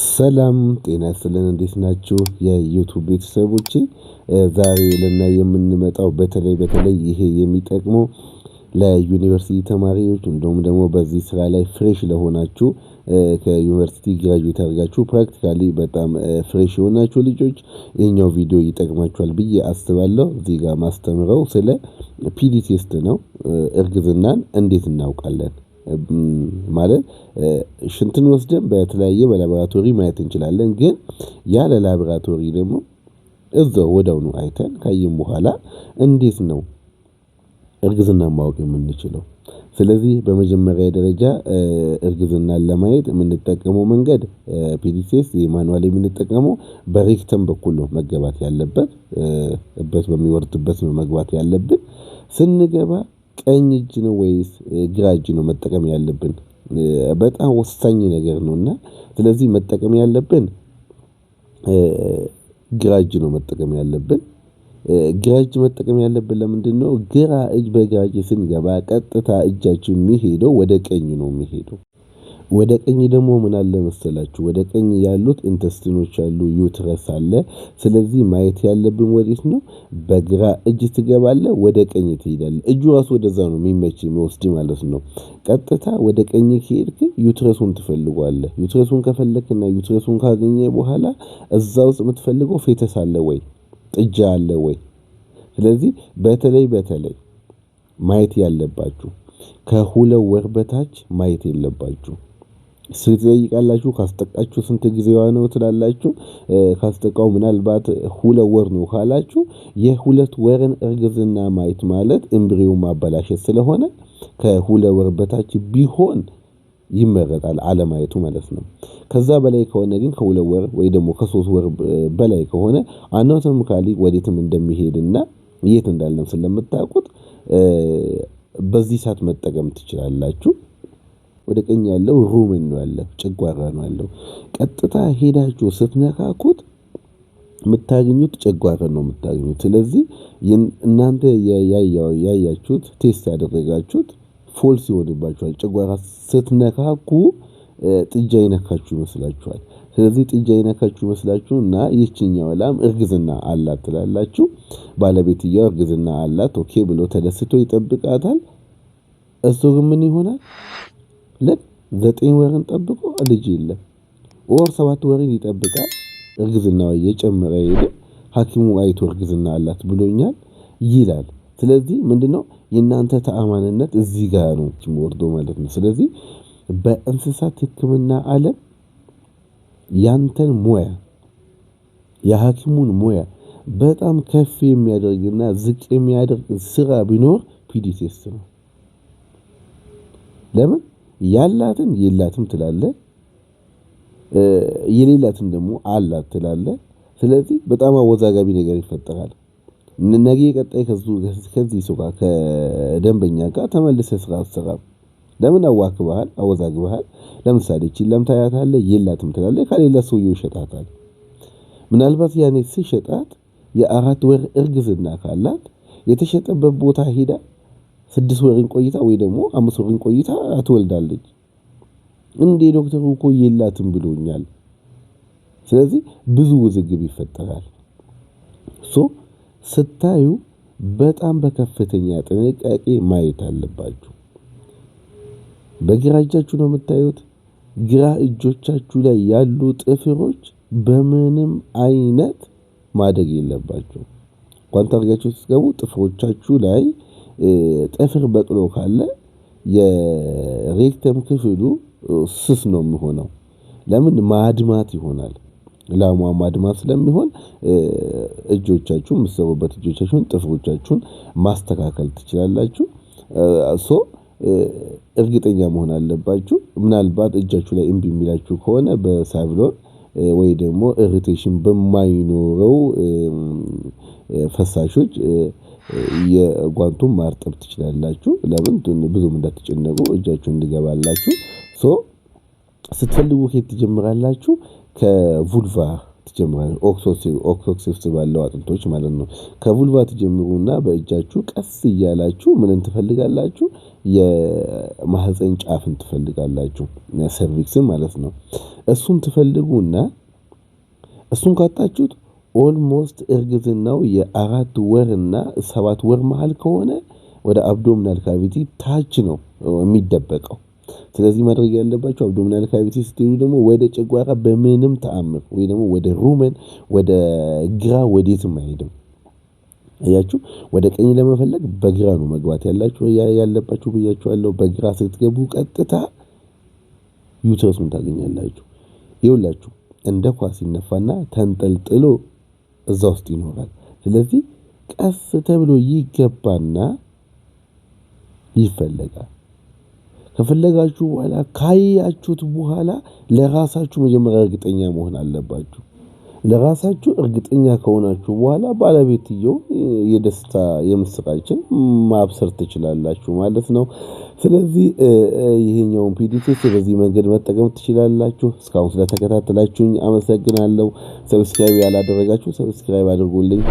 ሰላም ጤና ይስጥልን እንዴት ናችሁ? የዩቱብ ቤተሰቦች ዛሬ ልናይ የምንመጣው በተለይ በተለይ ይሄ የሚጠቅመው ለዩኒቨርሲቲ ተማሪዎች እንዲሁም ደግሞ በዚህ ስራ ላይ ፍሬሽ ለሆናችሁ ከዩኒቨርሲቲ ግራጁዌት አድርጋችሁ ፕራክቲካሊ በጣም ፍሬሽ የሆናችሁ ልጆች ይህኛው ቪዲዮ ይጠቅማችኋል ብዬ አስባለሁ። እዚህ ጋር ማስተምረው ስለ ፒዲ ቴስት ነው። እርግዝናን እንዴት እናውቃለን? ማለት ሽንትን ወስደን በተለያየ በላቦራቶሪ ማየት እንችላለን። ግን ያ ለላቦራቶሪ ደግሞ እዛው ወደውኑ አይተን ካየን በኋላ እንዴት ነው እርግዝና ማወቅ የምንችለው? ስለዚህ በመጀመሪያ ደረጃ እርግዝናን ለማየት የምንጠቀመው መንገድ ፒዲሴስ የማኑዋል የምንጠቀመው በሬክተም በኩል ነው መገባት ያለበት እበት በሚወርድበት ነው መግባት ያለብን። ስንገባ ቀኝ እጅ ነው ወይስ ግራ እጅ ነው መጠቀም ያለብን? በጣም ወሳኝ ነገር ነው እና ስለዚህ መጠቀም ያለብን ግራ እጅ ነው መጠቀም ያለብን። ግራ እጅ መጠቀም ያለብን ለምንድነው? ግራ እጅ በግራ እጅ ስንገባ ቀጥታ እጃችን የሚሄደው ወደ ቀኝ ነው የሚሄደው ወደ ቀኝ ደግሞ ምን አለ መሰላችሁ? ወደ ቀኝ ያሉት ኢንተስቲኖች አሉ ዩትረስ አለ። ስለዚህ ማየት ያለብን ወዴት ነው? በግራ እጅ ትገባለ ወደ ቀኝ ትሄዳለ እጁ ራሱ ወደዛ ነው የሚመች የሚወስድ ማለት ነው። ቀጥታ ወደ ቀኝ ከሄድክ ዩትረሱን ትፈልጓለ። ዩትረሱን ከፈለክና ዩትረሱን ካገኘ በኋላ እዛ ውስጥ የምትፈልገው ፌተስ አለ ወይ ጥጃ አለ ወይ? ስለዚህ በተለይ በተለይ ማየት ያለባችሁ ከሁለት ወር በታች ማየት የለባችሁ ትጠይቃላችሁ። ካስጠቃችሁ ስንት ጊዜዋ ነው ትላላችሁ። ካስጠቃው ምናልባት ሁለት ወር ነው ካላችሁ የሁለት ወርን እርግዝና ማየት ማለት እምብሪው ማበላሸት ስለሆነ ከሁለት ወር በታች ቢሆን ይመረጣል አለማየቱ ማለት ነው። ከዛ በላይ ከሆነ ግን ከሁለት ወር ወይ ደግሞ ከሶስት ወር በላይ ከሆነ ካሊ ወዴትም እንደሚሄድና የት እንዳለም ስለምታውቁት በዚህ ሰዓት መጠቀም ትችላላችሁ። ወደ ቀኝ ያለው ሩምን ነው ያለው፣ ጨጓራ ነው ያለው። ቀጥታ ሄዳችሁ ስትነካኩት የምታገኙት ጨጓራ ነው የምታገኙት። ስለዚህ እናንተ ያያችሁት ቴስት ያደረጋችሁት ፎልስ ይሆንባችኋል። ጨጓራ ስትነካኩ ጥጃ ይነካችሁ ይመስላችኋል። ስለዚህ ጥጃ ይነካችሁ ይመስላችሁ እና ይህችኛው ላም እርግዝና አላት ትላላችሁ። ባለቤትየው እርግዝና አላት ኦኬ ብሎ ተደስቶ ይጠብቃታል። እሱ ግን ምን ይሆናል? ለን ዘጠኝ ወርን ጠብቆ ልጅ የለም። ወር ሰባት ወርን ይጠብቃል። እርግዝናው እየጨመረ ሄደ። ሐኪሙ አይቶ እርግዝና አላት ብሎኛል ይላል። ስለዚህ ምንድነው የእናንተ ተአማንነት እዚህ ጋር ነው ወርዶ ማለት ነው። ስለዚህ በእንስሳት ሕክምና ዓለም ያንተን ሙያ የሐኪሙን ሙያ በጣም ከፍ የሚያደርግና ዝቅ የሚያደርግ ስራ ቢኖር ፒዲቴስት ነው። ለምን ያላትን የላትም ትላለ፣ የሌላትን ደግሞ አላት ትላለ ስለዚህ በጣም አወዛጋቢ ነገር ይፈጠራል። ነገ ቀጣይ ከዚህ ሰው ጋር ከደንበኛ ጋር ተመልሰ ስራ አትሰራም። ለምን አዋክበሃል፣ አወዛግበሃል። ለምሳሌ እቺ ለምታያታለህ የላትም ትላለ፣ ከሌላ ሰውየው ይሸጣታል። ምናልባት ያኔ ሲሸጣት የአራት ወር እርግዝና ካላት የተሸጠበት ቦታ ሄዳ ስድስት ወርን ቆይታ ወይ ደግሞ አምስት ወርን ቆይታ ትወልዳለች። እንዴ ዶክተሩ እኮ የላትም ብሎኛል። ስለዚህ ብዙ ውዝግብ ይፈጠራል። ሶ ስታዩ በጣም በከፍተኛ ጥንቃቄ ማየት አለባችሁ። በግራ እጃችሁ ነው የምታዩት። ግራ እጆቻችሁ ላይ ያሉ ጥፍሮች በምንም አይነት ማደግ የለባቸው። ኳንታ አድርጋችሁ ስትገቡ ጥፍሮቻችሁ ላይ ጥፍር በቅሎ ካለ የሬክተም ክፍሉ ስስ ነው የሚሆነው። ለምን ማድማት ይሆናል። ላሟ ማድማት ስለሚሆን እጆቻችሁ የምትሰቡበት እጆቻችሁን ጥፍሮቻችሁን ማስተካከል ትችላላችሁ። ሶ እርግጠኛ መሆን አለባችሁ። ምናልባት እጃችሁ ላይ እምቢ የሚላችሁ ከሆነ በሳብሎን ወይ ደግሞ ኢሪቴሽን በማይኖረው ፈሳሾች የጓንቱን ማርጠብ ትችላላችሁ። ለምን ብዙም እንዳትጨነቁ እጃችሁ እንዲገባላችሁ። ሶ ስትፈልጉ ከየት ትጀምራላችሁ? ከቡልቫ ኦክሶክሲቭስ ባለው አጥንቶች ማለት ነው። ከቡልቫ ትጀምሩና በእጃችሁ ቀስ እያላችሁ ምንን ትፈልጋላችሁ? የማህፀን ጫፍን ትፈልጋላችሁ፣ ሰርቪክስን ማለት ነው። እሱን ትፈልጉና እሱን ካጣችሁት ኦልሞስት እርግዝናው የአራት ወርና ሰባት ወር መሀል ከሆነ ወደ አብዶሚናል ካቪቲ ታች ነው የሚደበቀው። ስለዚህ ማድረግ ያለባቸው አብዶሚናል ካቪቲ ስትሄዱ ደግሞ ወደ ጨጓራ በምንም ተአምር ወይ ደግሞ ወደ ሩመን ወደ ግራ ወዴትም አይሄድም። እያችሁ ወደ ቀኝ ለመፈለግ በግራ ነው መግባት ያላችሁ ያለባችሁ ብያችኋለሁ። በግራ ስትገቡ ቀጥታ ዩትረሱን ታገኛላችሁ። ይውላችሁ እንደ ኳስ ይነፋና ተንጠልጥሎ እዛ ውስጥ ይኖራል። ስለዚህ ቀስ ተብሎ ይገባና ይፈለጋል። ከፈለጋችሁ በኋላ ካያችሁት በኋላ ለራሳችሁ መጀመሪያ እርግጠኛ መሆን አለባችሁ። ለራሳችሁ እርግጠኛ ከሆናችሁ በኋላ ባለቤትየው የደስታ የምስራችን ማብሰር ትችላላችሁ ማለት ነው። ስለዚህ ይሄኛውን ፒዲቴስ በዚህ መንገድ መጠቀም ትችላላችሁ። እስካሁን ስለተከታተላችሁኝ አመሰግናለሁ። ሰብስክራይብ ያላደረጋችሁ ሰብስክራይብ አድርጉልኝ።